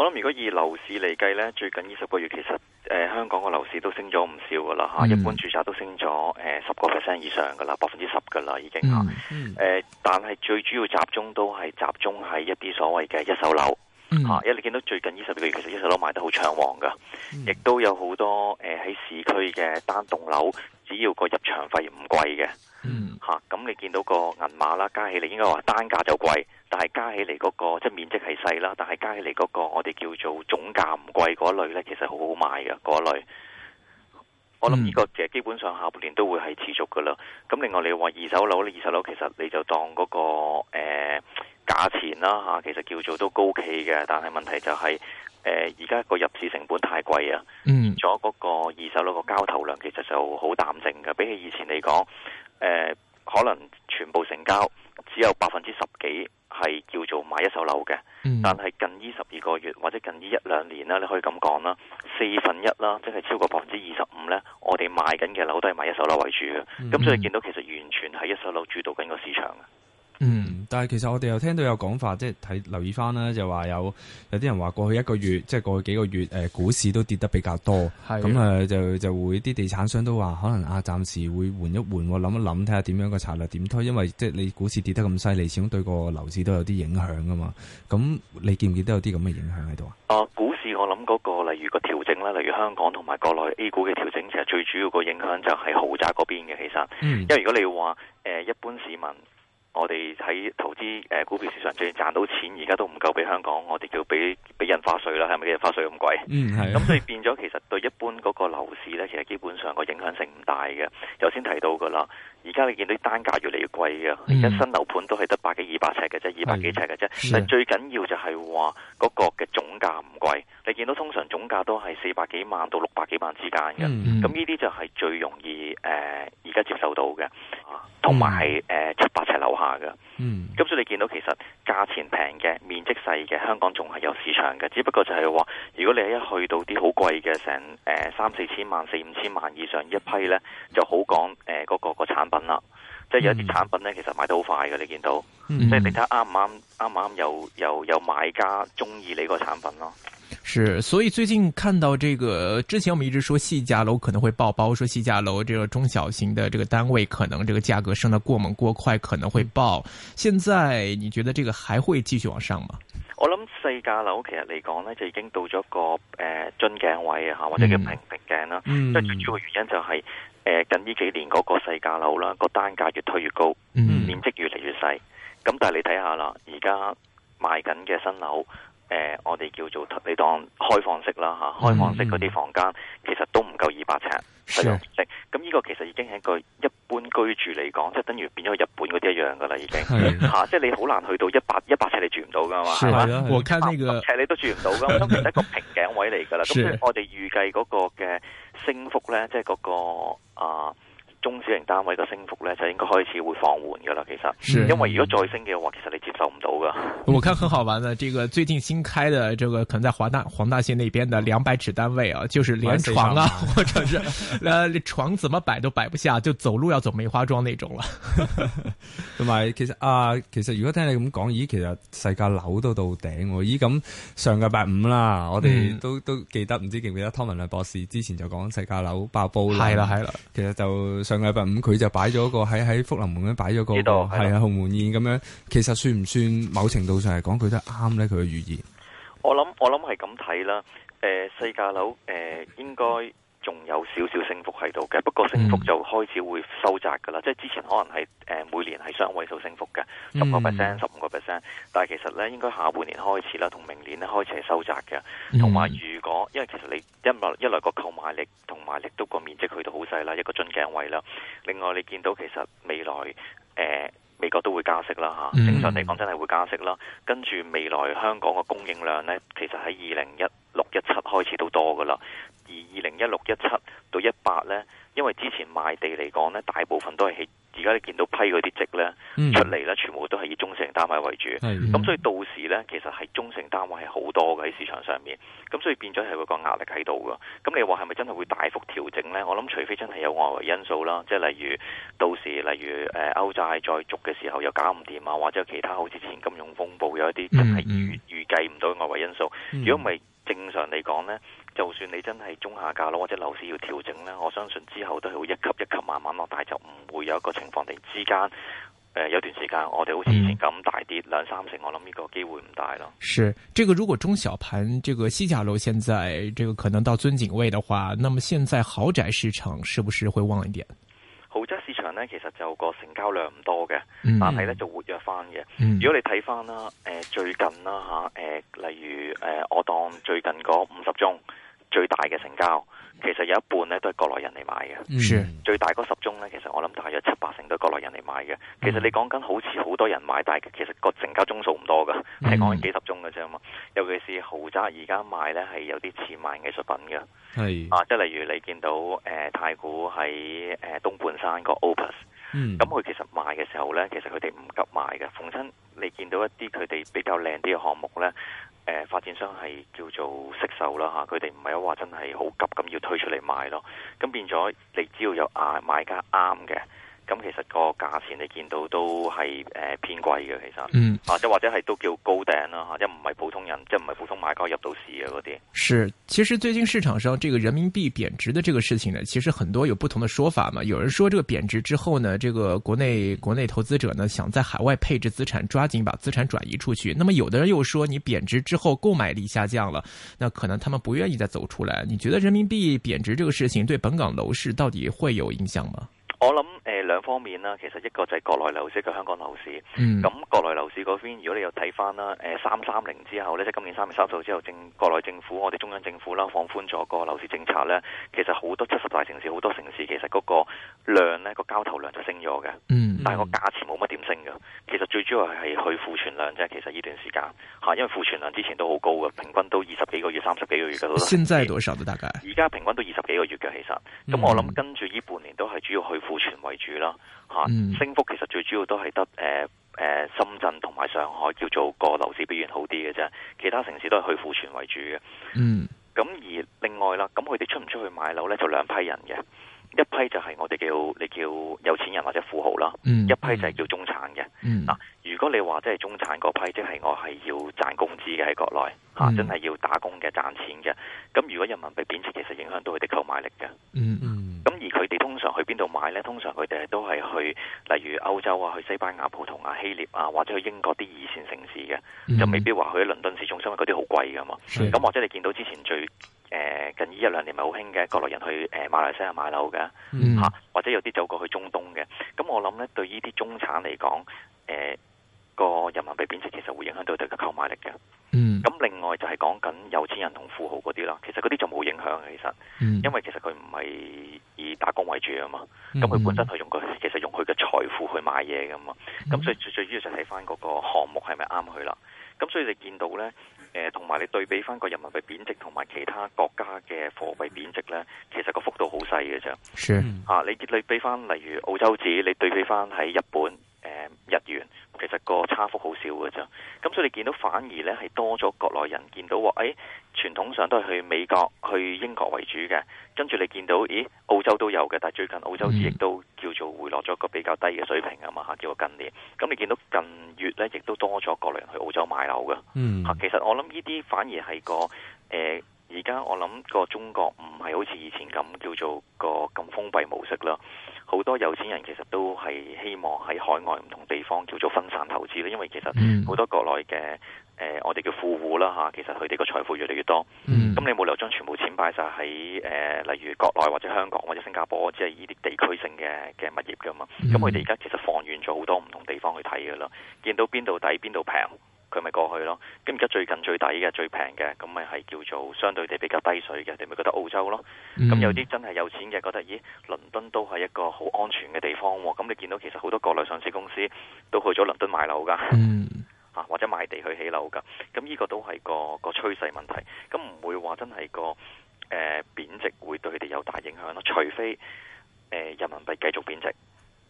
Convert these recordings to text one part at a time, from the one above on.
我諗如果以樓市嚟計呢，最近二十個月其實誒香港個樓市都升咗唔少噶啦吓，一般住宅都升咗誒十個 percent 以上噶啦，百分之十噶啦已經吓。誒，但係最主要集中都係集中喺一啲所謂嘅一手樓吓，因為你見到最近二十個月其實一手樓賣得好暢旺噶，亦都有好多誒喺市區嘅單棟樓，只要個入場費唔貴嘅吓，咁你見到個銀碼啦加起嚟應該話單價就貴。但係加起嚟嗰、那個即係面積係細啦，但係加起嚟嗰個我哋叫做總價唔貴嗰類呢，其實好好賣嘅嗰類。我諗呢個其實基本上下半年都會係持續噶啦。咁另外你話二手樓咧，二手樓其實你就當嗰、那個誒、呃、價錢啦、啊、吓，其實叫做都高企嘅。但係問題就係誒而家個入市成本太貴啊，嗯，仲有嗰個二手樓個交投量其實就好淡靜嘅，比起以前嚟講，誒、呃、可能全部成交只有百分之十幾。係叫做買一手樓嘅，但係近呢十二個月或者近呢一,一兩年啦，你可以咁講啦，四分一啦，即係超過百分之二十五呢。我哋賣緊嘅樓都係買一手樓為主嘅，咁、嗯、所以你見到其實完全係一手樓主導緊個市場嘅、嗯。嗯。但係其實我哋又聽到有講法，即係睇留意翻啦，就話有有啲人話過去一個月，即係過去幾個月，誒股市都跌得比較多，咁誒的就就會啲地產商都話可能啊暫時會緩一緩，諗一諗睇下點樣個策略點推，因為即係你股市跌得咁犀利，始終對個樓市都有啲影響噶嘛。咁你見唔見得有啲咁嘅影響喺度啊？啊，股市我諗嗰個例如個調整啦，例如香港同埋國內 A 股嘅調整，其實最主要個影響就係豪宅嗰邊嘅，其實，因為如果你話誒一般市民。我哋喺投資誒股票市場，縱然賺到錢，而家都唔夠俾香港，我哋叫俾俾印花稅啦，係咪嘅印花稅咁貴？嗯，係啊。咁所以變咗，其實對一般嗰個樓市咧，其實基本上個影響性唔大嘅。頭先提到噶啦。而家你見到啲單價越嚟越貴嘅，而家新樓盤都係得百幾二百尺嘅啫，二百幾尺嘅啫。但最緊要就係話嗰個嘅總價唔貴，你見到通常總價都係四百幾萬到六百幾萬之間嘅。咁呢啲就係最容易誒而家接受到嘅，同埋係誒七百尺樓下嘅。咁、嗯嗯、所以你見到其實價錢平嘅、面積細嘅，香港仲係有市場嘅。只不過就係話，如果你一去到啲好貴嘅，成誒三四千萬、四五千萬以上一批呢，就好講誒嗰、呃呃、個個，個產品。品啦，即係有啲產品咧，其實買得好快嘅，嗯、你見到，即係、嗯、你睇啱唔啱，啱唔啱又又有買家中意你個產品咯。是，所以最近看到這個，之前我們一直說細價樓可能會爆，包括說細價樓這個中小型的這個單位，可能這個價格升得過猛過快可能會爆。嗯、現在你覺得這個還會繼續往上嗎？我諗細價樓其實嚟講咧，就已經到咗個誒樽頸位啊，吓或者叫平平頸啦。嗯。即係最主要嘅原因就係、是。嗯誒，近呢幾年嗰個細價樓啦，個單價越推越高，面積越嚟越細。咁但係你睇下啦，而家賣緊嘅新樓，誒，我哋叫做你當開放式啦吓，開放式嗰啲房間其實都唔夠二百尺，係咯，咁呢個其實已經係一個一般居住嚟講，即係等於變咗日本嗰啲一樣噶啦，已經吓，即係你好難去到一百一百尺你住唔到噶嘛，係嘛，我睇呢個尺你都住唔到噶，咁其實一個平頸位嚟噶啦，咁所以我哋預計嗰個嘅。升幅咧，即係嗰個啊。中小型單位嘅升幅咧，就應該開始會放緩噶啦。其實，因為如果再升嘅話，其實你接受唔到噶。嗯、我看很好玩啦，這個最近新開嘅，這個可能在黃大黃大仙那邊的兩百尺單位啊，就是連床啊，或者是，啊、 床怎麼擺都擺不下，就走路要走梅花樁呢種啦。同埋， 其實啊，其實如果聽你咁講，咦，其實細價樓都到頂，咦咁上個拜五啦，嗯、我哋都都記得唔知記唔記得湯文亮博士之前就講細價樓爆煲啦，係啦係啦，其實就。上禮拜五佢就擺咗個喺喺福臨門咧，擺咗個係啊鴻門宴咁樣，其實算唔算某程度上係講佢都啱咧，佢嘅語言我諗我諗係咁睇啦，誒細價樓誒、呃、應該。仲有少少升幅喺度嘅，不過升幅就開始會收窄噶啦。嗯、即係之前可能係誒、呃、每年係雙位數升幅嘅，十個 percent、十五個 percent，但係其實咧應該下半年開始啦，同明年咧開始係收窄嘅。同埋、嗯、如果因為其實你一來一來個購買力同埋亦都個面積去到好細啦，一個樽頸位啦。另外你見到其實未來誒、呃、美國都會加息啦吓，嗯、正常嚟講真係會加息啦。跟住未來香港嘅供應量咧，其實喺二零一六一七開始都多噶啦。二零一六一七到一八呢，2016, 2017, 2018, 因為之前賣地嚟講呢，大部分都係起而家你見到批嗰啲積呢出嚟呢，嗯、全部都係以中性單位為主。咁、嗯、所以到時呢，其實係中性單位係好多嘅喺市場上面。咁所以變咗係個壓力喺度噶。咁你話係咪真係會大幅調整呢？我諗除非真係有外圍因素啦，即係例如到時例如誒歐債再續嘅時候又搞唔掂啊，或者其他好似前金融風暴有一啲、嗯嗯、真係預計唔到外圍因素。嗯嗯、如果唔係正常嚟講呢。就算你真係中下價咯，或者樓市要調整呢，我相信之後都係會一級一級慢慢落大，但就唔會有一個情況，突然之間有段時間我哋好似以前咁大跌兩、嗯、三成，我諗呢個機會唔大咯。是，這個如果中小盤這個細價樓現在這個可能到樽頸位的話，那麼現在豪宅市場是不是會旺一點？其實就個成交量唔多嘅，但係咧就活躍翻嘅。如果你睇翻啦，誒、呃、最近啦吓，誒、啊呃、例如誒、呃、我當最近嗰五十宗最大嘅成交。其實有一半咧都係國內人嚟買嘅，嗯、最大嗰十宗咧，其實我諗大約七八成都係國內人嚟買嘅。其實你講緊好似好多人買，但係其實個成交宗數唔多㗎，係講緊幾十宗嘅啫嘛。尤其是豪宅而家賣咧係有啲似賣藝術品嘅，是啊，即係例如你見到誒、呃、太古喺誒東半山個 Opus，咁佢其實賣嘅時候咧，其實佢哋唔急賣嘅。逢親你見到一啲佢哋比較靚啲嘅項目咧。誒發展商係叫做惜售啦吓，佢哋唔係話真係好急咁要推出嚟賣咯，咁變咗你只要有啱買家啱嘅。咁其實個價錢你見到都係誒偏貴嘅，其實，啊、嗯，即係或者係都叫高頂啦，或者唔係普通人，即係唔係普通買家入到市嘅嗰啲。是，其實最近市場上這個人民幣貶值的這個事情呢，其實很多有不同的說法嘛。有人說，這個貶值之後呢，這個國內國內投資者呢，想在海外配置資產，抓緊把資產轉移出去。那麼，有的人又說，你貶值之後購買力下降了，那可能他們不願意再走出來。你覺得人民幣貶值這個事情對本港樓市到底會有影響嗎？我諗。誒、呃，兩方面啦，其實一個就係國內樓市，一個香港樓市。咁、嗯、國內樓市嗰邊，如果你又睇翻，啦，誒、呃，三三零之後呢，即係今年三月三十號之後，政國內政府，我哋中央政府啦，放寬咗個樓市政策呢。其實好多七十大城市，好多城市其實嗰個量呢，個交投量就升咗嘅。嗯、但係個價錢冇乜點升嘅，其實最主要係去庫存量就啫。其實呢段時間吓，因為庫存量之前都好高嘅，平均都二十幾個月、三十幾個月噶啦。都現在多少度大概？而家平均都二十幾個月嘅，其實。咁我諗跟住呢半年都係主要去庫存。嗯為主啦，吓、嗯、升幅其實最主要都係得誒誒、呃呃、深圳同埋上海叫做個樓市表現好啲嘅啫，其他城市都係去庫存為主嘅。嗯，咁而另外啦，咁佢哋出唔出去買樓咧，就兩批人嘅，一批就係我哋叫你叫有錢人或者富豪啦，嗯，一批就係叫中產嘅。嗯，嗱，如果你話即係中產嗰批，即、就、係、是、我係要賺工資嘅喺國內吓，嗯、真係要打工嘅賺錢嘅，咁如果人民幣貶值，其實影響到佢哋購買力嘅。嗯。而佢哋通常去邊度買呢？通常佢哋都係去，例如歐洲啊，去西班牙、葡萄牙、希臘啊，或者去英國啲二線城市嘅，就未必話去啲倫敦市中心嗰啲好貴㗎嘛。咁的、嗯嗯、或者你見到之前最、呃、近呢一兩年咪好興嘅國內人去誒、呃、馬來西亞買樓㗎嚇，啊嗯、或者有啲走過去中東嘅。咁、嗯、我諗呢，對於啲中產嚟講誒。呃個人民幣貶值其實會影響到佢哋嘅購買力嘅。嗯，咁另外就係講緊有錢人同富豪嗰啲啦，其實嗰啲就冇影響嘅，其實，嗯、因為其實佢唔係以打工為主啊嘛，咁佢、嗯、本身係用佢，嗯、其實用佢嘅財富去買嘢噶嘛，咁、嗯、所以最最，主要就睇翻嗰個項目係咪啱佢啦。咁所以你見到咧，誒、呃，同埋你對比翻個人民幣貶值同埋其他國家嘅貨幣貶值咧，其實個幅度好細嘅啫。是、嗯、啊，你你比翻例如澳洲紙，你對比翻喺日本。日元、嗯、其實個差幅好少嘅啫，咁所以你見到反而呢係多咗國內人見到話，誒、哎，傳統上都係去美國、去英國為主嘅，跟住，你見到，咦，澳洲都有嘅，但係最近澳洲亦都叫做回落咗個比較低嘅水平啊嘛吓，叫做近年，咁你見到近月呢亦都多咗國內人去澳洲買樓嘅，吓、嗯、其實我諗呢啲反而係個誒、呃、而家我諗個中國唔係好似以前咁叫做個咁封閉模式啦。好多有錢人其實都係希望喺海外唔同地方叫做分散投資咧，因為其實好多國內嘅誒，我哋叫富戶啦嚇，其實佢哋個財富越嚟越多。咁、嗯、你冇理由將全部錢擺晒喺誒，例如國內或者香港或者新加坡，即係呢啲地區性嘅嘅物業㗎嘛。咁佢哋而家其實放遠咗好多唔同地方去睇㗎啦，見到邊度抵邊度平。佢咪過去咯？咁而家最近最抵嘅、最平嘅，咁咪係叫做相對地比較低水嘅。你咪覺得澳洲咯？咁、嗯、有啲真係有錢嘅覺得，咦？倫敦都係一個好安全嘅地方喎。咁你見到其實好多國內上市公司都去咗倫敦買樓噶，啊、嗯、或者賣地去起樓噶。咁呢個都係個個趨勢問題。咁唔會話真係個誒、呃、貶值會對佢哋有大影響咯。除非誒、呃、人民幣繼續貶值。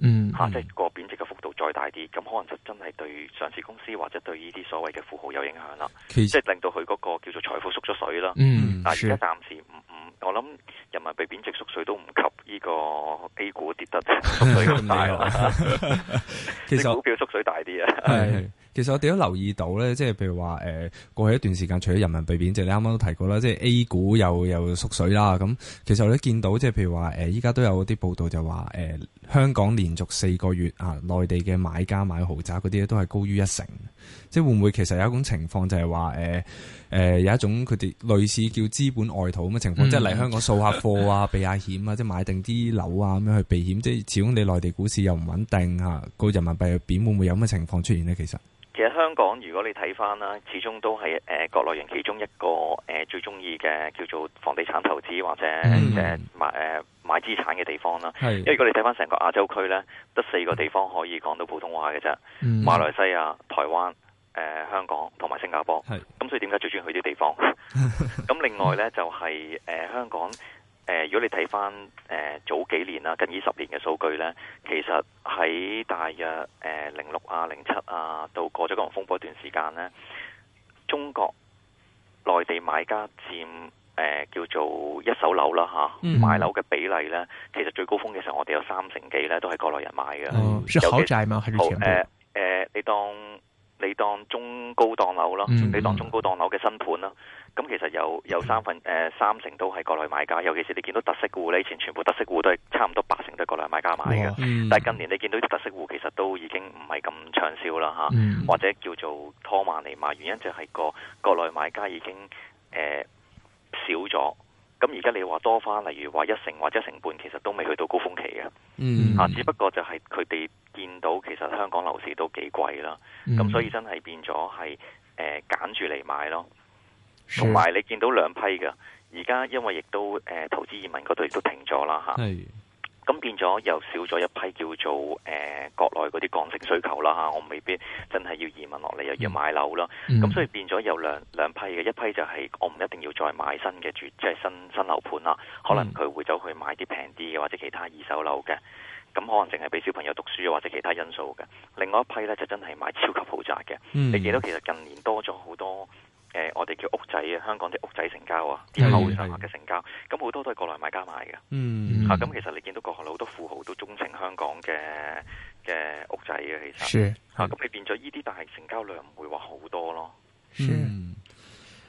嗯，吓即係個貶值嘅幅度再大啲，咁可能就真係對上市公司或者對呢啲所謂嘅富豪有影響啦，實即係令到佢嗰個叫做財富縮咗水啦。嗯，但係而家暫時唔唔是的、嗯，我諗人民幣貶值縮水都唔及呢個 A 股，跌得縮水咁大，其實股票縮水大啲啊。係。是的。 其實我哋都留意到咧，即係譬如話誒，過去一段時間除咗人民幣貶值，你啱啱都提過啦，即係 A 股又又縮水啦。咁其實我哋都見到，即係譬如話誒，依家都有啲報道就話誒，香港連續四個月啊，內地嘅買家買豪宅嗰啲都係高於一成。即係會唔會其實有一種情況就係話誒、誒，有一種佢哋類似叫資本外逃咁嘅情況，即係嚟香港掃下貨啊，避下險啊，即係買定啲樓啊咁樣去避險。即係始終你內地股市又唔穩定吓，個人民幣又貶，會唔會有乜情況出現呢？其實？其實香港，如果你睇返啦，始終都係誒、呃、國內人其中一個誒、呃、最中意嘅叫做房地產投資或者誒、mm. 呃、買誒、呃、買資產嘅地方啦。因為如果你睇返成個亞洲區咧，得四個地方可以講到普通話嘅啫，馬來西亞、台灣、誒、呃、香港同埋新加坡。係咁、mm. 呃，所以點解最中意去啲地方？咁 另外咧就係、是、誒、呃、香港。誒、呃，如果你睇翻誒早幾年啦，近二十年嘅數據咧，其實喺大約誒零六啊、零七啊，到過咗個風波一段時間咧，中國內地買家佔誒、呃、叫做一手樓啦嚇、啊，買樓嘅比例咧，其實最高峰嘅時候，我哋有三成幾咧，都係國內人買嘅，係、嗯、好嘅嘛，好誒誒、呃呃呃，你當。你當中高檔樓咯，嗯、你當中高檔樓嘅新盤啦。咁其實有有三分誒、呃、三成都係國內買家，尤其是你見到特色戶，你以前全部特色戶都係差唔多八成都係國內買家買嘅，嗯、但係今年你見到啲特色戶其實都已經唔係咁暢銷啦嚇，嗯、或者叫做拖慢嚟買，原因就係個國內買家已經誒、呃、少咗。咁而家你話多翻，例如話一成或者一成半，其實都未去到高峰期嘅，嚇、mm，hmm. 只不過就係佢哋見到其實香港樓市都幾貴啦，咁、mm hmm. 所以真係變咗係誒揀住嚟買咯，同埋 Sure. 你見到兩批㗎，而家因為亦都誒、呃、投資移民嗰度亦都停咗啦嚇。啊 hey. 咁變咗又少咗一批叫做誒、呃、國內嗰啲剛性需求啦嚇，我未必真係要移民落嚟又要買樓啦。咁、mm. 所以變咗有兩兩批嘅，一批就係我唔一定要再買新嘅住，即、就、係、是、新新，新樓盤啦，可能佢會走去買啲平啲嘅或者其他二手樓嘅。咁可能淨係俾小朋友讀書或者其他因素嘅。另外一批咧就真係買超級豪宅嘅。Mm. 你見到其實近年多咗好多。誒、呃，我哋叫屋仔啊，香港啲屋仔成交啊，啲樓上下嘅成交，咁好、嗯、多都係國內買家買嘅。嗯，吓咁、啊、其實你見到各行各業好多富豪都鍾情香港嘅嘅屋仔嘅、啊，其實係咁，你變咗呢啲，但係成交量唔會話好多咯。嗯是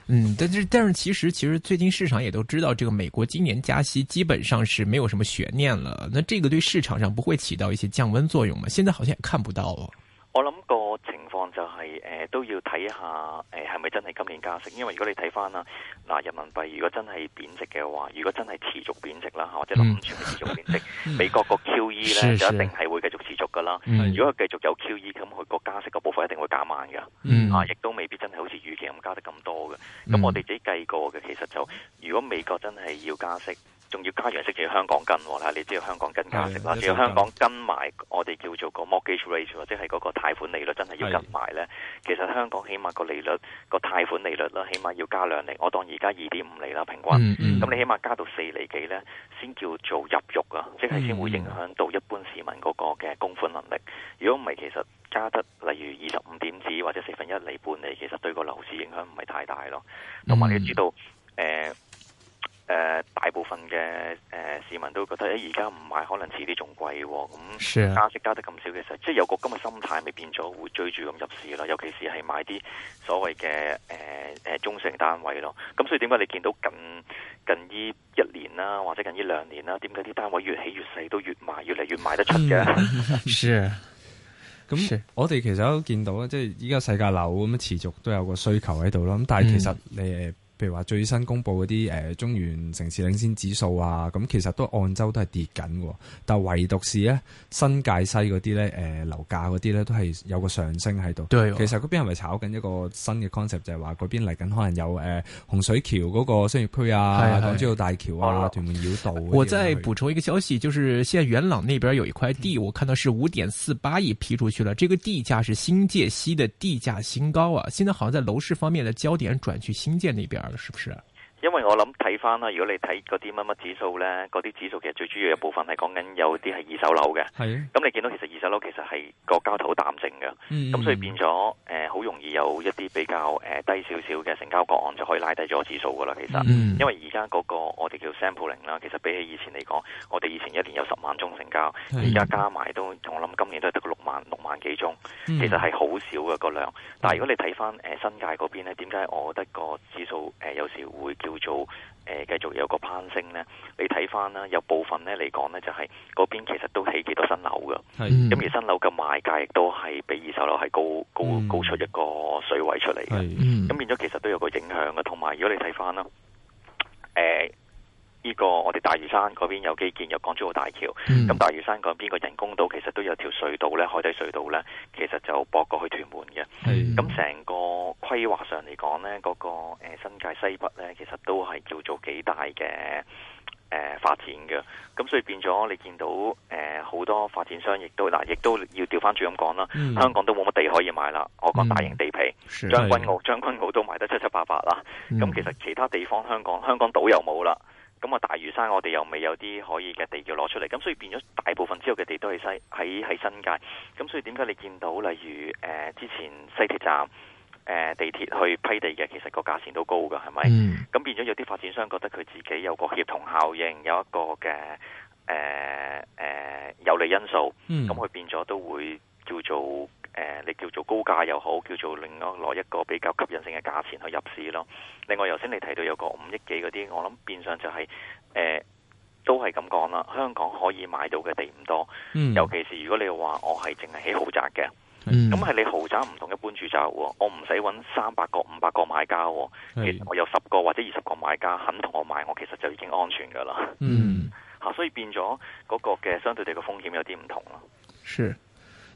嗯，但係但是其實其實最近市場也都知道，這個美國今年加息基本上是沒有什麼懸念了。那這個對市場上不會起到一些降溫作用嘛？現在好像也看不到、哦。我諗過。就係、是、誒、呃、都要睇一下誒係咪真係今年加息？因為如果你睇翻啦，嗱，人民幣如果真係貶值嘅話，如果真係持續貶值啦，吓或者諗住全年持續貶值，嗯嗯、美國個 QE 咧就一定係會繼續持續噶啦。是是，如果佢繼續有 QE，咁佢個加息嘅部分一定會減慢噶，嗯、啊亦都未必真係好似預期咁加得咁多嘅。咁我哋自己計過嘅，其實就如果美國真係要加息。仲要加揚息，仲要香港跟喎、哦，你知道香港的香港跟加息啦，如果香港跟埋我哋叫做個 mortgage rate，即係嗰個貸款利率，真係要跟埋呢。的其實香港起碼個利率、個貸款利率啦，起碼要加兩厘。我當而家二點五厘啦，平均。咁、嗯嗯、你起碼加到四厘幾呢，先叫做入肉啊！即係先會影響到一般市民嗰個嘅供款能力。嗯、如果唔係，其實加得例如二十五點子或者四分一厘半釐，你其實對個樓市影響唔係太大咯。同埋、嗯嗯、你知道，誒、呃。誒，大部分嘅誒、呃、市民都覺得，誒而家唔買可能遲啲仲貴，咁、嗯啊、加息加得咁少嘅時候，即係有個咁嘅心態，咪變咗會追住咁入市咯。尤其是係買啲所謂嘅誒誒中性單位咯。咁所以點解你見到近近依一,一年啦、啊，或者近依兩年啦、啊，點解啲單位越起越細，都越賣越嚟越賣得出嘅？咁、 啊、 我哋其實都見到咧，即係依家世界樓咁持續都有個需求喺度咯。咁但係其實誒。嗯譬如話最新公布嗰啲誒中原城市領先指數啊，咁其實都按周都係跌緊喎，但唯獨是咧新界西嗰啲咧誒樓價嗰啲咧都係有個上升喺度。哦、其實嗰邊係咪炒緊一個新嘅 concept 就係話嗰邊嚟緊可能有誒、呃、洪水橋嗰個商業區啊，哦、港珠澳大橋啊，哦、屯門繞道。我再補充一個消息，就是現在元朗嗰邊有一塊地，我看到是五點四八億批出去了，嗯、這個地價是新界西的地價新高啊！現在好像在樓市方面的焦點轉去新界嗰邊。是不是？因為我諗睇翻啦，如果你睇嗰啲乜乜指數咧，嗰啲指數其實最主要一部分係講緊有啲係二手樓嘅。係的。咁你見到其實二手樓其實係個交投好淡靜嘅，咁、嗯嗯、所以變咗誒好容易有一啲比較誒、呃、低少少嘅成交個案就可以拉低咗指數噶啦。其實，嗯、因為而家嗰個我哋叫 sampling 啦，其實比起以前嚟講，我哋以前一年有十萬宗成交，而家加埋都我諗今年都係得六萬六萬幾宗，其實係好少嘅個量。嗯、但係如果你睇翻誒新界嗰邊咧，點解我覺得個指數誒、呃、有時會叫叫做誒，繼、嗯、續有個攀升咧。你睇翻啦，有部分咧嚟講咧，就係嗰邊其實都起幾多新樓噶，咁而新樓嘅賣價亦都係比二手樓係高高高出一個水位出嚟嘅。咁、嗯嗯、變咗其實都有個影響嘅。同埋如果你睇翻啦。呢個我哋大嶼山嗰邊有基建，有港珠澳大橋，咁、嗯、大嶼山嗰邊個人工島其實都有條隧道咧，海底隧道咧，其實就駁過去屯門嘅。咁成、嗯、個規劃上嚟講咧，嗰、嗰個誒、呃、新界西北咧，其實都係叫做幾大嘅誒、呃、發展嘅。咁所以變咗你見到誒好、呃、多發展商亦都嗱，亦、呃、都要調翻轉咁講啦。嗯、香港都冇乜地可以賣啦。我講大型地皮將、嗯、軍澳，將軍澳都賣得七七八八啦。咁其實其他地方香港，香港島又冇啦。咁啊，大嶼山我哋又未有啲可以嘅地要攞出嚟，咁所以變咗大部分之後嘅地都係西喺喺新界。咁所以點解你見到例如誒、呃、之前西鐵站誒、呃、地鐵去批地嘅，其實個價錢都高㗎，係咪？咁、嗯、變咗有啲發展商覺得佢自己有個協同效應，有一個嘅誒誒有利因素，咁佢、嗯、變咗都會叫做。誒、呃，你叫做高價又好，叫做另外攞一個比較吸引性嘅價錢去入市咯。另外，頭先你提到有個五億幾嗰啲，我諗變相就係、是、誒、呃，都係咁講啦。香港可以買到嘅地唔多，嗯、尤其是如果你話我係淨係起豪宅嘅，咁係、嗯、你豪宅唔同一般住宅喎、哦，我唔使搵三百個、五百個買家、哦，其實我有十個或者二十個買家肯同我買，我其實就已經安全噶啦。嗯、啊，所以變咗嗰個嘅相對地嘅風險有啲唔同咯。是。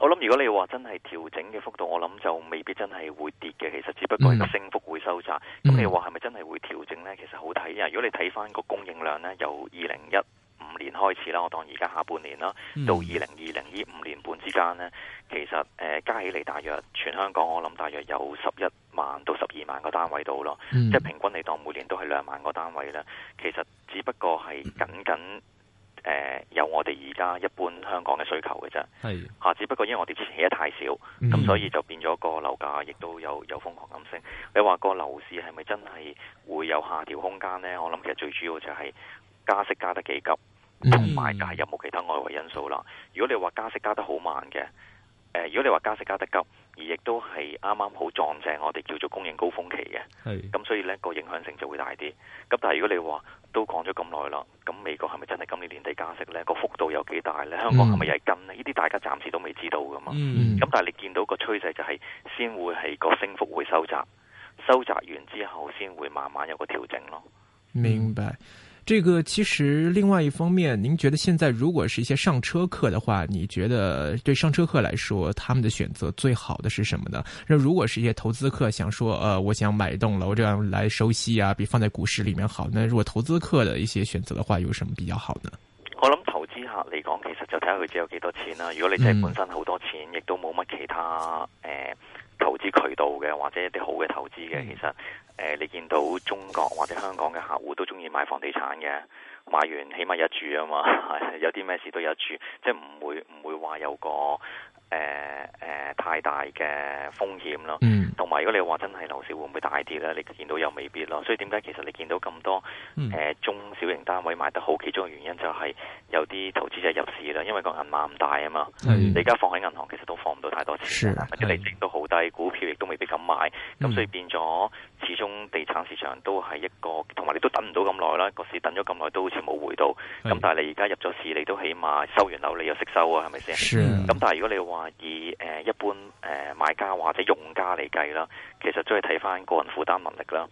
我諗，如果你話真係調整嘅幅度，我諗就未必真係會跌嘅。其實只不過係個升幅會收窄。咁、嗯、你話係咪真係會調整呢？其實好睇啊。如果你睇翻個供應量呢，由二零一五年開始啦，我當而家下半年啦，到二零二零年五年半之間呢，其實誒、呃、加起嚟大約全香港，我諗大約有十一萬到十二萬個單位到咯。嗯、即係平均你當每年都係兩萬個單位咧，其實只不過係僅僅。誒，由、呃、我哋而家一般香港嘅需求嘅啫，係嚇的，只不過因為我哋之前起得太少，咁、嗯、所以就變咗個樓價亦都有有瘋狂咁升。你話個樓市係咪真係會有下調空間呢？我諗其實最主要就係加息加得幾急，同埋係有冇其他外圍因素啦。如果你話加息加得好慢嘅，誒、呃，如果你話加息加得急。而亦都係啱啱好撞正我哋叫做供應高峰期嘅，咁是所以呢、呢個影響性就會大啲。咁但係如果你話都講咗咁耐啦，咁美國係咪真係今年年底加息呢？個幅度有幾大呢？香港係咪又係跟呢？呢啲大家暫時都未知道噶嘛。咁、嗯、但係你見到個趨勢就係先會係個升幅會收窄，收窄完之後先會慢慢有個調整咯。明白。這個其實另外一方面，您覺得現在如果是一些上車客的話，你覺得對上車客來說，他們的選擇最好的是什麼呢？那如果是一些投資客想說，呃，我想買一棟樓這樣來收息啊，比放在股市裏面好。那如果投資客的一些選擇的話，有什麼比較好呢？我諗投資客嚟講，其實就睇下佢借有幾多錢啦。如果你真係本身好多錢，亦都冇乜其他誒。呃投資渠道嘅，或者一啲好嘅投資嘅，其實，誒、呃，你見到中國或者香港嘅客戶都中意買房地產嘅，買完起碼有住啊嘛，有啲咩事都有住，即係唔會唔會話有個。誒誒、呃呃，太大嘅風險咯，同埋、嗯、如果你話真係樓市會唔會大跌咧，你見到又未必咯。所以點解其實你見到咁多誒、嗯呃、中小型單位買得好，其中嘅原因就係有啲投資者入市啦，因為個銀碼唔大啊嘛，的你而家放喺銀行其實都放唔到太多錢，或者利息都好低，的股票亦都未必敢買，咁所以變咗。嗯始終地產市場都係一個，同埋你都等唔到咁耐啦。個市等咗咁耐都好似冇回到。咁是但係你而家入咗市，你都起碼收完樓你又息收啊，係咪先？咁是但係如果你話以誒一般誒、呃、買家或者用家嚟計啦，其實都係睇返個人負擔能力啦。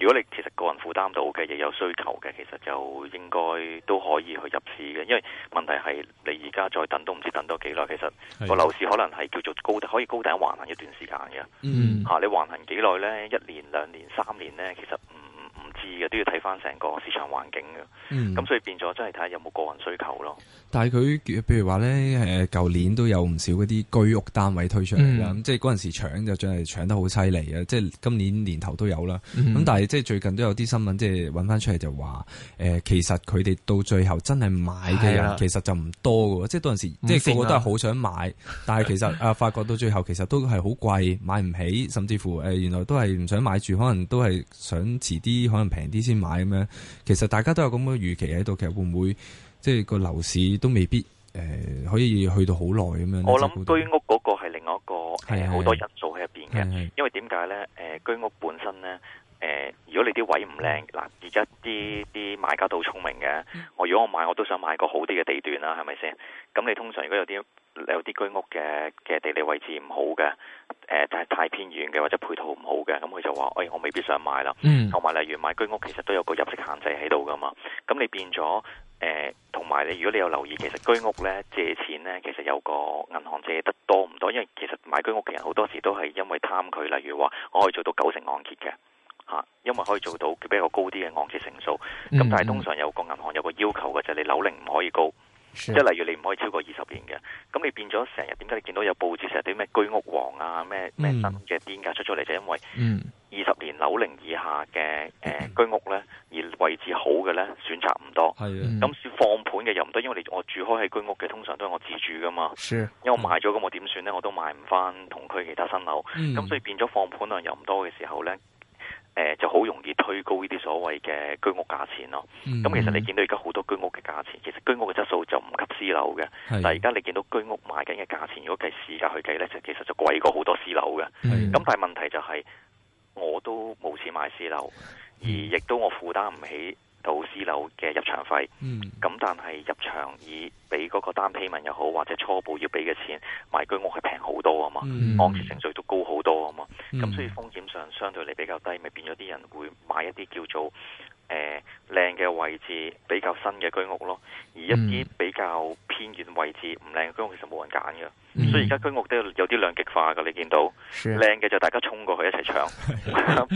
如果你其實個人負擔到嘅，亦有需求嘅，其實就應該都可以去入市嘅。因為問題係你而家再等都唔知等多幾耐，其實個樓市可能係叫做高，可以高頂橫行一段時間嘅。嗯，嚇、啊、你橫行幾耐呢？一年、兩年、三年呢？其實唔～都要睇翻成個市場環境嘅，咁、嗯啊、所以變咗真係睇下有冇個人需求咯。但係佢譬如話咧，誒舊年都有唔少嗰啲居屋單位推出嚟啦，嗯、即係嗰陣時搶就真係搶得好犀利啊！即係今年年頭都有啦，咁、嗯、但係即係最近都有啲新聞，即係揾翻出嚟就話，誒、呃、其實佢哋到最後真係買嘅人其實就唔多嘅喎、啊，即係嗰陣時即係個個都係好想買，唔行啊、但係其實啊發覺到最後其實都係好貴，買唔起，甚至乎誒、呃呃、原來都係唔想買住，可能都係想遲啲可能。可能平啲先買咁樣，其實大家都有咁嘅預期喺度，其實會唔會即係、就是、個樓市都未必誒、呃、可以去到好耐咁樣？我諗居屋嗰個係另外一個係好、 呃、多因素喺入邊嘅， 因為點解咧？誒、呃，居屋本身咧。誒、呃，如果你啲位唔靚，嗱，而家啲啲買家都好聰明嘅。我、mm. 如果我買，我都想買個好啲嘅地段啦，啊，係咪先？咁你通常如果有啲有啲居屋嘅嘅地理位置唔好嘅，誒、呃，但係太偏遠嘅或者配套唔好嘅，咁佢就話，誒、哎，我未必想買啦。同埋，mm.，例如買居屋，其實都有個入息限制喺度噶嘛。咁你變咗，誒、呃，同埋你如果你有留意，其實居屋咧借錢咧，其實有個銀行借得多唔多？因為其實買居屋嘅人好多時都係因為貪佢，例如話我可以做到九成按揭嘅。吓，因為可以做到比較高啲嘅按揭成數，咁但係通常有個銀行有個要求嘅就係你樓齡唔可以高，即係例如你唔可以超過二十年嘅，咁你變咗成日點解你見到有報紙成日啲咩居屋王啊咩咩新嘅天價出咗嚟就因為二十年樓齡以下嘅誒居屋呢，而位置好嘅呢選擇唔多，咁放盤嘅又唔多，因為我住開係居屋嘅，通常都係我自住噶嘛，因為我賣咗咁我點算呢？我都買唔翻同區其他新樓，咁所以變咗放盤量又唔多嘅時候呢。誒就好容易推高呢啲所謂嘅居屋價錢咯。咁、嗯、其實你見到而家好多居屋嘅價錢，其實居屋嘅質素就唔及私樓嘅。嗱的，而家你見到居屋賣緊嘅價錢，如果計市價去計咧，就其實就貴過好多私樓嘅。咁的但係問題就係、是，我都冇錢買私樓，而亦都我負擔唔起、嗯。到私樓嘅入場費，咁、嗯、但係入場以俾嗰個單 payment 又好，或者初步要俾嘅錢買居屋係平好多啊嘛，按揭、嗯、程序都高好多啊嘛，咁、嗯嗯、所以風險上相對嚟比較低，咪變咗啲人會買一啲叫做誒靚嘅位置，比較新嘅居屋咯，而一啲比較偏遠位置唔靚，居屋其實冇人揀噶，嗯、所以而家居屋都有啲兩極化噶。你見到靚嘅是就大家衝過去一齊搶，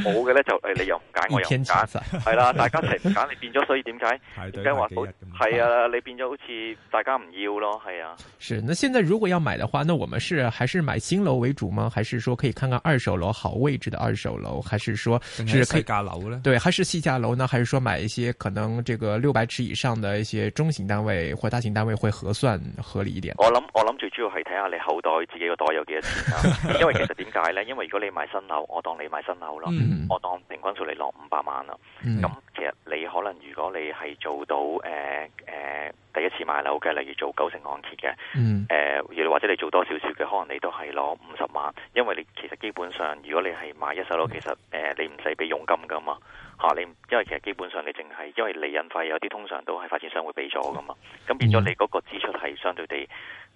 冇嘅咧就誒、哎、你又唔揀我又唔揀，係 前 啦，大家一唔揀你變咗，所以點解點解話好？係啊，你變咗好似大家唔要咯，係啊。是，那現在如果要買嘅話，那我們是還是買新樓為主嗎？還是說可以看看二手樓好位置嘅二手樓？還是說，還是細價樓咧？對，還是細價樓呢？還是說買一些可能這個六百尺以上的一些中型單位或大型單位會合？算合理一點。我諗我諗最主要係睇下你口袋自己個袋有幾多錢啦、啊。 因為其實點解呢？因為如果你買新樓，我當你買新樓咯，嗯、我當平均數你攞五百萬啦。咁、嗯、其實你可能如果你係做到誒誒、呃呃、第一次買樓嘅，例如做九成按揭嘅，誒、嗯呃、或者你做多少少嘅，可能你都係攞五十萬。因為你其實基本上如果你係買一手樓，嗯、其實誒、呃、你唔使俾佣金噶嘛。吓、啊、你，因為其實基本上你淨係因為利潤費有啲，通常都係發展商會俾咗噶嘛，咁變咗你嗰個支出係相對地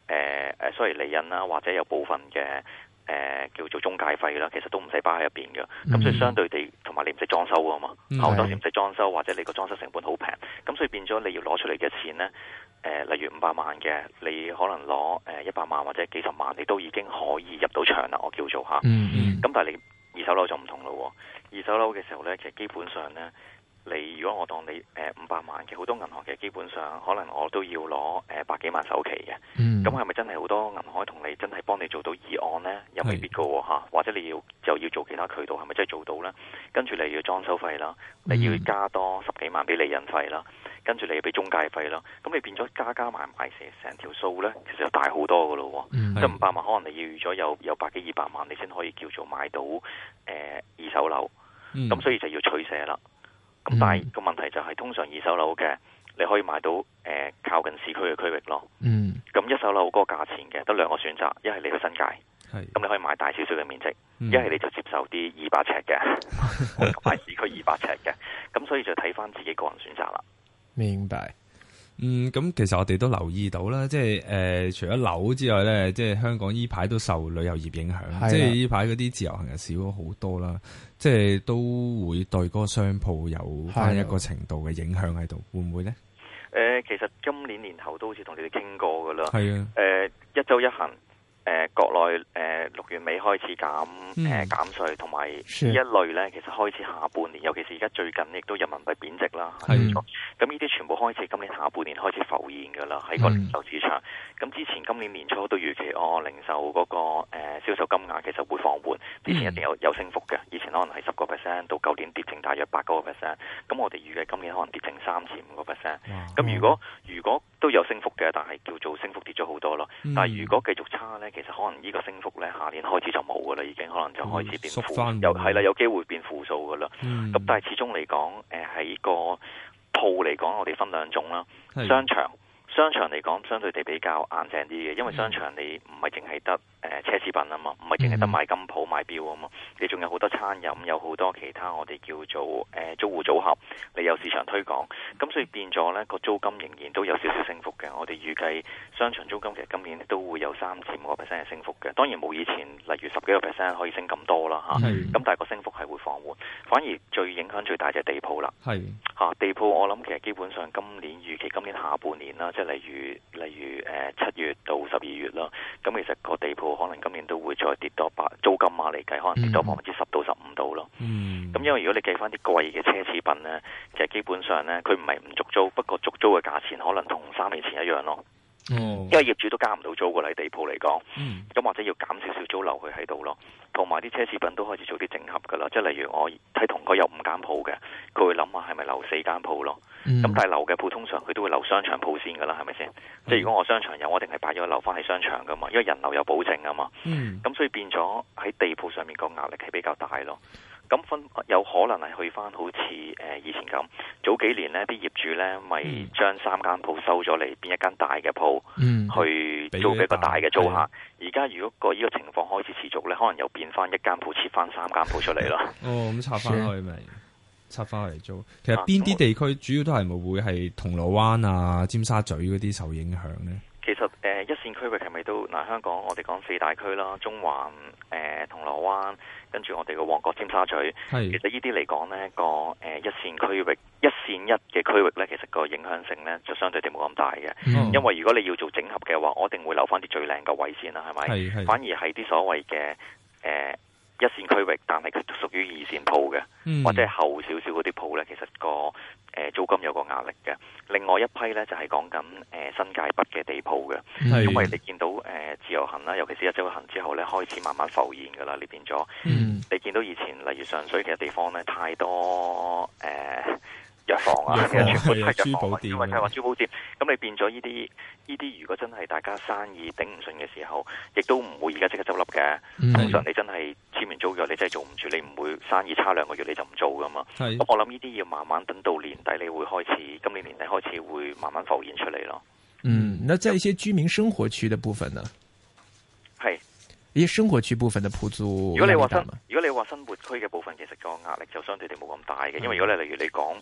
誒誒，所謂、嗯呃、利潤啦或者有部分嘅誒、呃、叫做中介費啦，其實都唔使擺喺入邊嘅，咁所以相對地同埋你唔使裝修啊嘛，好多時唔使裝修或者你個裝修成本好平，咁所以變咗你要攞出嚟嘅錢咧，誒、呃、例如五百萬嘅，你可能攞誒一百萬或者幾十萬，你都已經可以入到場啦，我叫做嚇，咁、啊嗯嗯、但係你二手樓就唔同咯。二手樓嘅時候咧，其實基本上咧。你如果我當你誒五百萬嘅，好多銀行嘅基本上可能我都要攞誒百幾萬首期嘅。咁係咪真係好多銀行同你真係幫你做到二按呢？又未必㗎吓，是或者你要就要做其他渠道，係咪真係做到呢？跟住你要裝修費啦，嗯、你要加多十幾萬俾厘印費啦，跟住你要俾中介費啦，咁你變咗加加埋埋成成條數咧，其實就大好多㗎咯。嗯、即係五百萬，可能你要預咗有有百幾二百萬，你先可以叫做買到誒、呃、二手樓。咁、嗯嗯、所以就要取捨啦。咁但係個問題就係、是，通常二手樓嘅你可以買到誒、呃、靠近市區嘅區域咯。嗯，咁一手樓嗰個價錢嘅，得兩個選擇，一係你去新界，咁是你可以買大少少嘅面積，一係、嗯、你就接受啲二百尺嘅，買 市區二百尺嘅。咁所以就睇返自己個人選擇啦。明白。嗯，咁其實我哋都留意到啦，即係誒、呃、除咗樓之外咧，即係香港依排都受旅遊業影響，的即係依排嗰啲自由行又少咗好多啦，即係都會對嗰個商鋪有翻一個程度嘅影響喺度，的會唔會咧？誒、呃，其實今年年頭都好似同你哋傾過噶啦，係啊的，誒、呃，一周一行。誒國內誒、呃、六月尾開始減誒減稅，同埋呢一類咧，其實開始下半年，尤其是而家最近，亦都人民幣貶值啦。係的，咁呢啲全部開始今年下半年開始浮現㗎啦喺個零售市場。咁、嗯、之前今年年初都預期我、哦、零售嗰、那個誒、呃、銷售金額其實會放緩，之前一定有有升幅嘅。以前可能係十個 percent，到舊年跌淨大約八九個 percent。咁我哋預計今年可能跌淨三至五個 percent。咁、嗯、如果如果都有升幅嘅，但係叫做升幅跌咗好多咯。但係如果繼續差咧。其實可能呢個升幅咧，下年開始就冇噶啦，已經可能就開始變負、哦，有係啦，有機會變負數噶啦。咁、嗯、但係始終嚟講，誒、呃、喺個鋪嚟講，我哋分兩種啦，商場。商場嚟講，相對地比較硬淨啲嘅，因為商場你唔係淨係得誒、呃、奢侈品啊嘛，唔係淨係得買金鋪買表啊嘛，你仲有好多餐飲，有好多其他我哋叫做誒、呃、租戶組合，你有市場推廣，咁所以變咗呢個租金仍然都有少少升幅嘅。我哋預計商場租金其實今年都會有三至五個 percent 嘅升幅嘅，當然冇以前例如十幾個 percent 可以升咁多啦嚇，咁、啊嗯、但係個升幅係會放緩。反而最影響最大就係地鋪啦，係嚇是、啊、地鋪我諗其實基本上今年預期今年下半年啦即係。例如，例如誒、呃、七月到十二月咯，咁、嗯嗯、其實個地鋪可能今年都會再跌多百，租金啊嚟計，可能跌多百分之十到十五度咯。咁、嗯、因為如果你計翻啲貴嘅奢侈品咧，其實基本上咧佢唔係唔續租，不過續租嘅價錢可能同三年前一樣咯。Oh. 因為業主都加唔到租過嚟地鋪嚟講，咁、mm. 或者要減少少租留佢喺度咯，同埋啲奢侈品都開始做啲整合噶啦，即係例如我睇同佢有五間鋪嘅，佢會諗下係咪留四間鋪咯，咁、mm. 但係留嘅鋪通常佢都會留商場鋪先噶啦，係咪先？Mm. 即係如果我商場有，我一定係擺咗留翻喺商場噶嘛，因為人流有保證啊嘛。咁、mm. 所以變咗喺地鋪上面個壓力係比較大咯。咁分有可能係去翻好似誒以前咁，早幾年呢啲業主呢咪、嗯、將三間鋪收咗嚟，變一間大嘅鋪、嗯、去租俾個大嘅租客？而家如果個呢個情況開始持續呢的可能又變翻一間鋪切翻三間鋪出嚟咯 哦。哦，咁拆翻去咪拆翻嚟租。其實邊啲地區主要都係咪會係銅鑼灣啊、尖沙咀嗰啲受影響呢？其實誒、呃，一線區域係咪都嗱、呃？香港我哋講四大區啦，中環、誒銅鑼灣，跟住我哋嘅旺角、尖沙咀。係是其實呢啲嚟講呢個誒、呃、一線區域、一線一嘅區域呢，其實個影響性呢就相對地冇咁大嘅。嗯哦、因為如果你要做整合嘅話，我一定會留翻啲最靚嘅位先啦，係咪？係係反而係啲所謂嘅誒。呃一線區域，但係佢都屬於二線鋪嘅，嗯、或者後少少嗰啲鋪呢，其實個誒租、呃、金有個壓力嘅。另外一批呢，就係、是、講緊誒、呃、新界北嘅地鋪嘅，因為你見到誒、呃、自由行啦，尤其是一週行之後咧，開始慢慢浮現噶啦，你變咗。嗯、你見到以前例如上水嘅地方呢，太多誒、呃藥房啊， 全部係珠寶店，因為就係話珠寶店，咁你變咗呢啲呢啲，如果真係大家生意頂唔順嘅時候，亦都唔會而家即刻執笠嘅。嗯、通常你真係簽完租約，你真係做唔住，你唔會生意差兩個月你就唔做噶嘛。咁我諗呢啲要慢慢等到年底，你會開始今年年底開始會慢慢浮現出嚟咯。嗯，即係一些居民生活區嘅部分呢，係呢啲生活區部分嘅鋪租，如果你話生，如果你話生活區嘅部分，其實個壓力就相對地冇咁大嘅，嗯、因為如果你例如你講。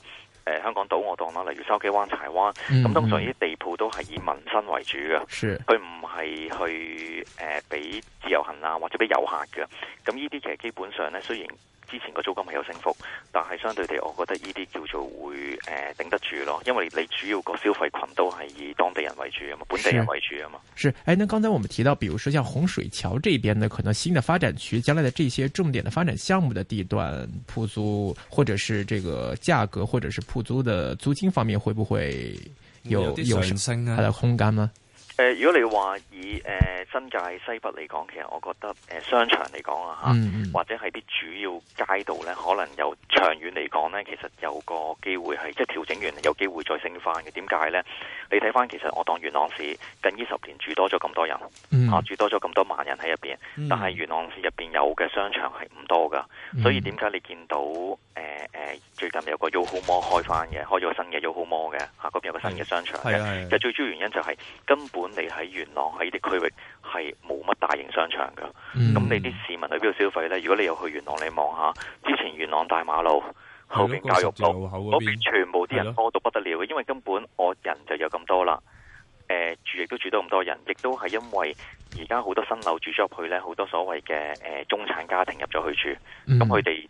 誒、呃、香港島我當啦，例如筲箕灣、柴灣，咁、嗯嗯、通常呢啲地鋪都係以民生為主嘅，佢唔係去誒俾、呃、自由行啊，或者俾遊客嘅，咁呢啲其實基本上呢，雖然，之前個租金係有升幅，但係相對地，我覺得呢啲叫做會誒頂、呃、得住咯，因為你主要個消費群都係以當地人為主啊嘛，本地人為主啊嘛。是，誒、哎，那剛才我們提到，比如說像洪水橋這邊呢，可能新的發展區，將來的這些重點的發展項目的地段鋪租，或者是這個價格，或者是鋪租的租金方面，會不會有有上升啊？有空間嗎？誒、呃，如果你話以誒、呃、新界西北嚟講，其實我覺得誒、呃、商場嚟講啊，吓、嗯嗯、或者係啲主要街道呢，可能由長遠嚟講呢，其實有個機會係即係調整完，有機會再升翻嘅。點解呢？你睇翻，其實我當元朗市近呢十年住多咗咁多人，吓、嗯啊、住多咗咁多萬人喺入邊，嗯、但係元朗市入邊有嘅商場係唔多噶，所以點解你見到？誒誒，最近有個 Yoho Mall 開翻嘅，開咗個新嘅 Yoho Mall 嘅，吓，嗰邊有個新嘅商場嘅。其實最主要原因就係、是、根本你喺元朗喺啲區域係冇乜大型商場噶。咁、嗯、你啲市民喺邊度消費咧？如果你又去元朗，你望下之前元朗大馬路的後邊教育路嗰邊，邊全部啲人多到的不得了。嘅，因為根本我人就有咁多啦。誒、呃、住亦都住得咁多人，亦都係因為而家好多新樓住咗入去咧，好多所謂嘅誒中產家庭入咗去住，咁佢哋。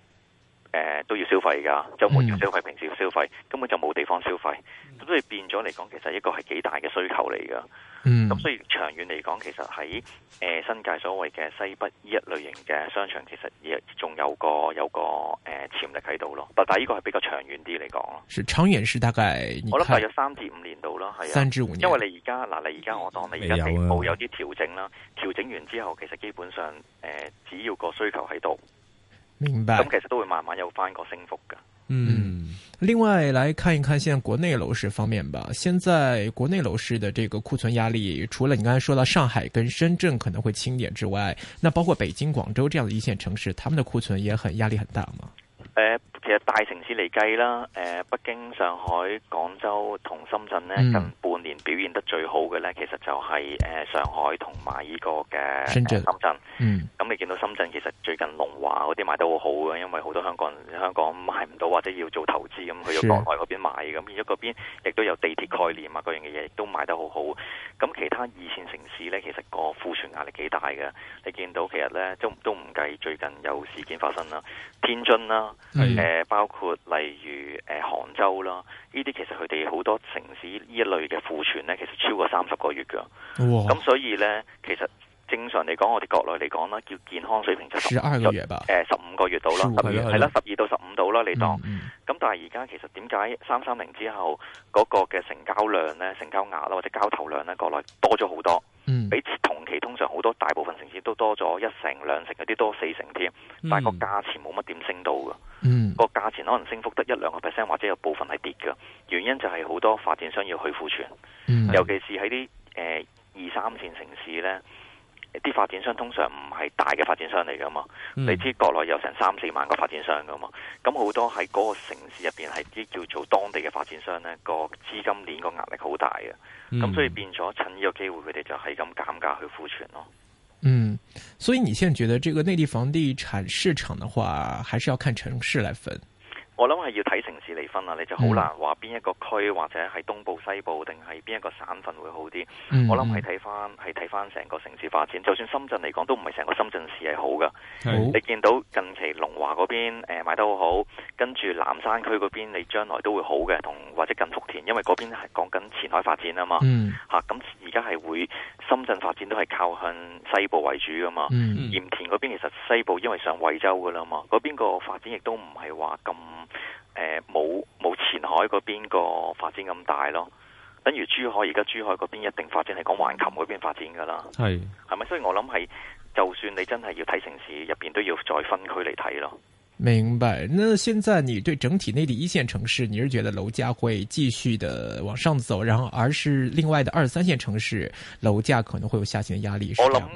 誒、呃，都要消費噶，週末要消費，嗯、平時要消費，根本就冇地方消費，咁所以變咗嚟講，其實一個係幾大嘅需求嚟噶。嗯，咁所以長遠嚟講，其實喺誒、呃、新界所謂嘅西北依一類型嘅商場，其實亦仲有個有個誒、呃、潛力喺度咯。但係依個係比較長遠啲嚟講咯。是長遠是大概我諗大約三至五年度咯。係三至五年。因為你而家嗱，你而家我當你而家底部有啲調整啦，調整完之後，其實基本上誒、呃，只要個需求喺度。明白，咁其實都會慢慢有翻一個升幅噶。嗯，另外來看一看，現在國內樓市方面吧。現在國內樓市的這個庫存壓力，除了你剛才說到上海跟深圳可能會輕點之外，那包括北京、廣州這樣的一線城市，他們的庫存也很壓力很大嗎？誒。呃其實大城市嚟計啦，誒，北京、上海、廣州同深圳咧，近半年表現得最好嘅咧，嗯、其實就係誒上海同埋呢個嘅深圳。嗯。咁你見到深圳其實最近龍華嗰啲賣得好好嘅，因為好多香港人，香港買唔到或者要做投資咁去咗國內嗰邊買，咁變咗嗰邊亦都有地鐵概念啊，嗰樣嘅嘢亦都賣得好好。咁其他二線城市咧，其實個庫存壓力幾大嘅。你見到其實咧，都都唔計最近有事件發生啦，天津啦、啊，誒、嗯。嗯誒包括例如誒、呃、杭州啦，呢啲其實佢哋好多城市呢一類嘅庫存咧，其實超過三十個月㗎。咁哇、嗯、所以咧，其實正常嚟講，我哋國內嚟講啦，叫健康水平就 10, 十二十五個月到啦，係咪係啦，十二到十五度啦，你當咁、嗯、但係而家其實點解三三零之後嗰、嗰個嘅成交量咧、成交額啦或者交投量咧，國內多咗好多，嗯、比同。通常好多大部分城市都多咗一成兩成，有啲多四成添，但係個價錢冇乜點升到噶個、嗯、價錢可能升幅得一兩個 percent 或者有部分係跌噶，原因就係好多發展商要去庫存，嗯、尤其是喺啲誒二三綫城市咧。啲發展商通常唔係大嘅發展商嚟㗎嘛，嗯、你知國內有成三四萬個發展商㗎嘛，咁好多喺嗰個城市入邊係啲叫做當地嘅發展商咧，個資金鏈個壓力好大嘅，咁、嗯、所以變咗趁呢個機會佢哋就係咁減價去庫存咯。嗯，所以你現在覺得呢個內地房地產市場嘅話，還是要看城市嚟分。我諗係要睇城市嚟分啦，你就好難話邊一個區或者係東部、西部定係邊一個省份會好啲。我諗係睇翻係睇翻成個城市發展。就算深圳嚟講，都唔係成個深圳市係好噶好，你見到近期龍華嗰邊誒賣得好好，跟住南山區嗰邊你將來都會好嘅，同或者近福田，因為嗰邊係講緊前海發展啊嘛。吓，咁而家係會深圳發展都係靠向西部為主噶嘛。嗯、鹽田嗰邊其實西部因為上惠州噶啦嘛，嗰邊個發展亦都唔係話咁。冇冇，呃、前海嗰邊個發展咁大咯，等於珠海而家珠海嗰邊一定發展係講橫琴嗰邊發展噶啦，係係咪？所以我諗係，就算你真係要睇城市入邊，都要再分區嚟睇咯。明白。那現在你對整體內地一線城市，你是覺得樓價會繼續的往上走，然後，而是另外的二三線城市樓價可能會有下行的壓力，是嗎？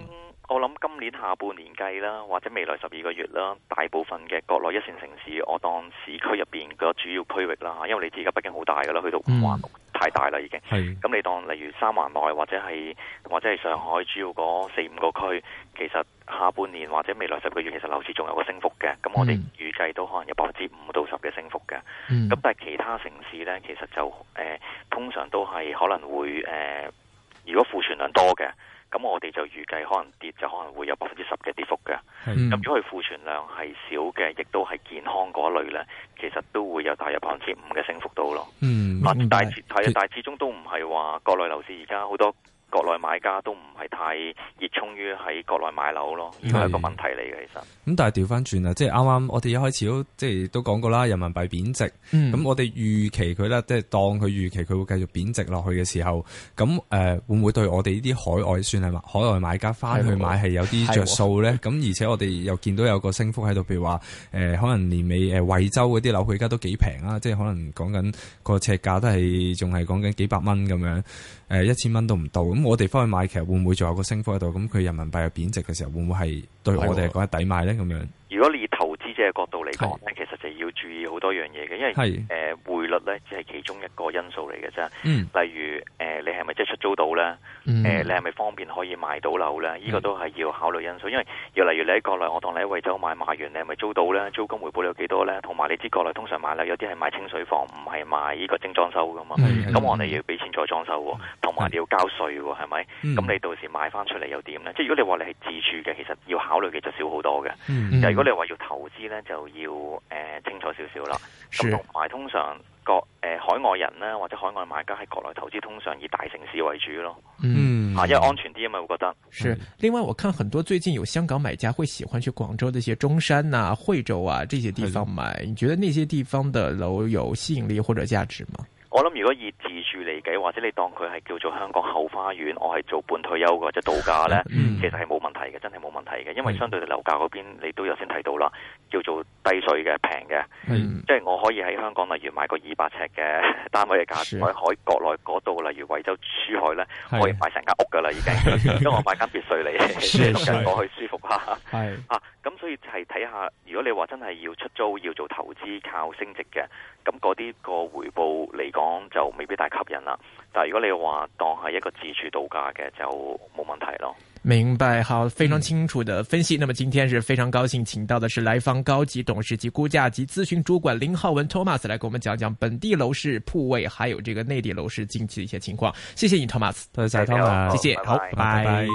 我諗今年下半年計啦，或者未來十二個月啦，大部分嘅國內一線城市，我當市區入邊個主要區域啦，因為你知而家北京好大噶啦，去到五環六太大啦已經。咁是，你當例如三環內或者係或者係上海主要嗰四五個區，其實下半年或者未來十個月，其實樓市仲有個升幅嘅。咁我哋預計都可能有百分之五到十嘅升幅嘅。咁、嗯、但係其他城市呢，其實就、呃、通常都係可能會、呃、如果庫存量多嘅。咁我哋就預計可能跌就可能會有百分之十嘅跌幅嘅。咁、嗯、如果佢庫存量係少嘅，亦都係健康嗰類呢，其實都會有大約百分之五嘅升幅到咯。嗯，但係但係但但始終都唔係話國內樓市而家好多。國內買家都唔係太熱衷於喺國內買樓咯，呢個係個問題嚟嘅。其實咁，但係調翻轉啦，即係啱啱我哋一開始即都即係都講過啦，人民幣貶值，咁、嗯嗯、我哋預期佢咧，即係當佢預期佢會繼續貶值落去嘅時候，咁誒、呃，會唔會對我哋呢啲海外算係嘛？海外買家翻去買係有啲着數咧？咁而且我哋又見到有個升幅喺度，譬如話誒、呃，可能年尾誒、惠、呃、州嗰啲樓佢而家都幾平啊，即係可能講緊個尺價都係仲係講緊幾百蚊咁樣。誒一千蚊都唔到咁，我哋翻去買，其實會唔會仲有個升幅喺度？咁佢人民幣有貶值嘅時候，會唔會係對我哋嚟講係抵買咧？咁樣。如果即係角度嚟講，其實就要注意好多樣嘢嘅，因為誒匯率咧只係其中一個因素嚟嘅啫。例如誒你係咪即係出租到咧？誒你係咪方便可以買到樓咧？呢個都係要考慮因素，因為又例如你喺國內，我當你喺惠州買買完，你係咪租到咧？租金回報你有幾多咧？同埋你知國內通常買樓有啲係買清水房，唔係買呢個精裝修噶嘛？咁我哋要俾錢再裝修，同埋你要交稅喎，係咪？咁你到時買翻出嚟又點咧？即係如果你話你係自住嘅，其實要考慮嘅就少好多嘅。但如果你話要投資，咧就要誒清楚少少啦，同埋是通常國誒、呃、海外人啦或者海外買家喺國內投資，通常以大城市為主咯。嗯，啊，因為安全啲啊嘛，我覺得。是，另外我看很多最近有香港買家會喜歡去廣州的一些中山啊、惠州啊這些地方買，的你覺得那些地方的樓有吸引力或者價值嗎？我諗如果以。住嚟嘅，或者你當佢係叫做香港後花園，我係做半退休或者、就是、度假呢。嗯、其實係冇問題嘅，真係冇問題嘅，因為相對樓價嗰邊，你都有先睇到啦，叫做低水嘅平嘅，嗯、即係我可以喺香港例如買個二百尺嘅單位嘅價錢，我喺是國內嗰度例如惠州珠海呢，是可以買成間屋噶啦，已經，因為是我買間別墅嚟，獨人是我去舒服下，嚇是，咁、啊、所以就係睇下，如果你話真係要出租，要做投資，靠升值嘅。咁嗰啲個回報嚟講就未必太吸引啦，但係如果你話當係一個自住度假嘅就冇問題咯。明白，好，非常清楚的分析。嗯、那麼今天是非常高興請到的是萊坊高級董事及估價及諮詢主管林浩文 Thomas 來跟我們講講本地樓市鋪位，還有這個內地樓市近期的一些情況。謝謝你 Thomas，多謝 Thomas，謝謝，好，拜拜。拜拜。